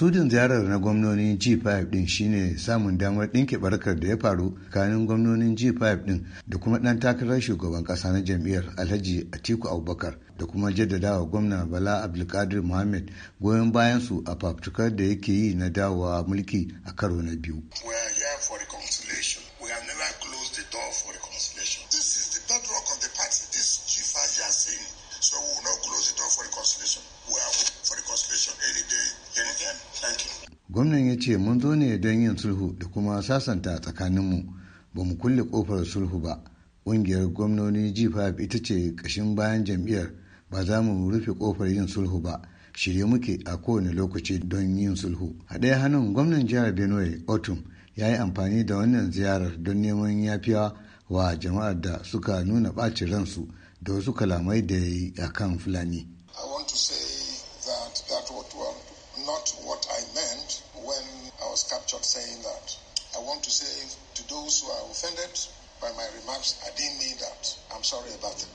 sudin ziyarar na gwamnonin G5 din shine samun damar ɗinke barkar da ya faru kanin gwamnonin G5 din da kuma ɗan takarar shugaban ƙasa na jam'iyyar Alhaji Atiku Abubakar da kuma jaddadawa gwamna Bala Abdulkadir Mohammed goyon bayan su a fafutukar da yake yi na dawowa mulki a karo na biyu. This is the bedrock of the party. This G5 years gwamnan ya ce mun zo ne don yin sulhu da kuma sasanta tsakaninmu ba mu kulle kofar sulhu ba ƙungiyar gwamnoni g5 ita ce ƙashin bayan jam'iyyar ba za mu rufe kofar yin sulhu ba shirye muke a kowane lokaci don yin sulhu a ɗaya hannun gwamnan jihar benue otum ya yi amfani da wannan ziyarar don neman yafiya wa jama'ar da suka nuna ɓacin ransu da wasu kalamai da ya yi a kan fulani not what I meant when I was captured saying that. I want to say to those who are offended by my remarks, I didn't mean that. I'm sorry about it.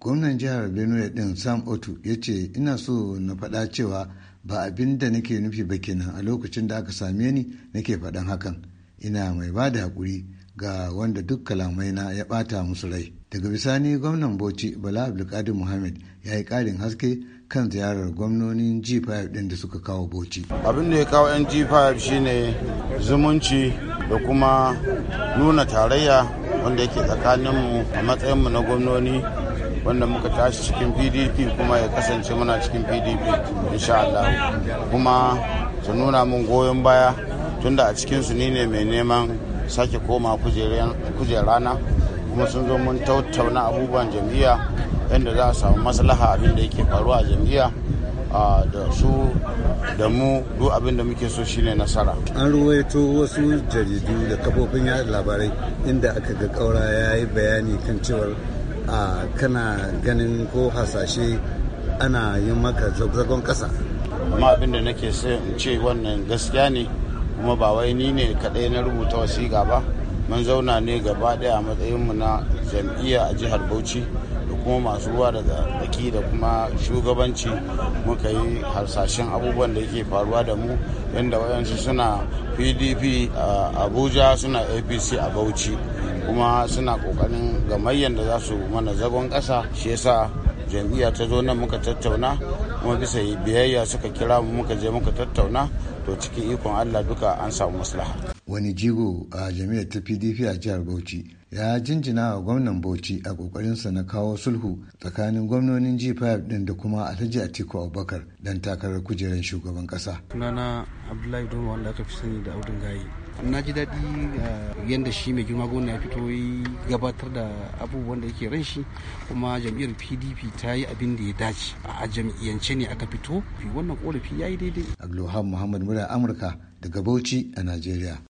Gwamnan jihar Benue ɗin Sam Otu ya ce, Ina so na faɗa cewa ba abin da nake nufi ba kenan a lokacin da aka same ni nake faɗan hakan. Ina mai ba da haƙuri ga wanda duk kalamai na ya ɓata musu rai. Daga bisani gwamnan Bauchi Bala Abdulkadir Muhammad ya yi karin haske kan ziyarar gwamnonin G5 ɗin da suka kawo Bauchi. Abin da ya kawo 'yan G5 shine zumunci da kuma nuna tarayya wanda yake mu a matsayin mu na gwamnoni wanda muka tashi cikin pdp kuma ya kasance muna cikin pdp insha Allah kuma su nuna mun goyon baya tunda a cikinsu ni ne mai neman sake koma kujerana kuma sun zo mun tattauna abubuwan jam'iyya yadda za a samu maslaha abin da yake faruwa a jam'iyya da su da mu duk abin da muke so shine nasara an ruwaito wasu jaridu da kafofin yada labarai inda aka ga kaura ya yi bayani kan cewar a kana ganin ko hasashe ana yin maka zagon kasa amma abin da nake ce wannan gaskiya ne kuma ba wai ni ne kaɗai na rubuta wasiƙa ba mun zauna ne gaba ɗaya a matsayinmu na jam'iyya a jihar bauchi da kuma masu ruwa da tsaki da kuma shugabanci muka yi harsashen abubuwan da yake faruwa da mu yadda wayansu suna pdp a abuja suna apc a bauchi kuma suna ƙoƙarin gamayyar da za su mana zagon ƙasa shi yasa jam'iyya ta zo nan muka tattauna kuma bisa biyayya suka kira mu muka je muka tattauna to cikin ikon allah duka an samu maslaha wani jigo a jami'ar ta pdp a jihar bauchi ya jinjina wa gwamnan bauchi a kokarinsa na kawo sulhu tsakanin gwamnonin g5 din da kuma alhaji atiku abubakar dan takarar kujerar shugaban kasa sunana abdullahi Dumo wanda aka fi sani da audun gayi na ji daɗi eh, yadda shi mai girma gona ya fito yi gabatar da abubuwan da yake ran shi kuma jam'iyyar pdp ta yi abin da ya dace a jam'iyyance ne aka fito wannan korafi ya yi daidai abdulhamid muhammad mura amurka daga bauchi a najeriya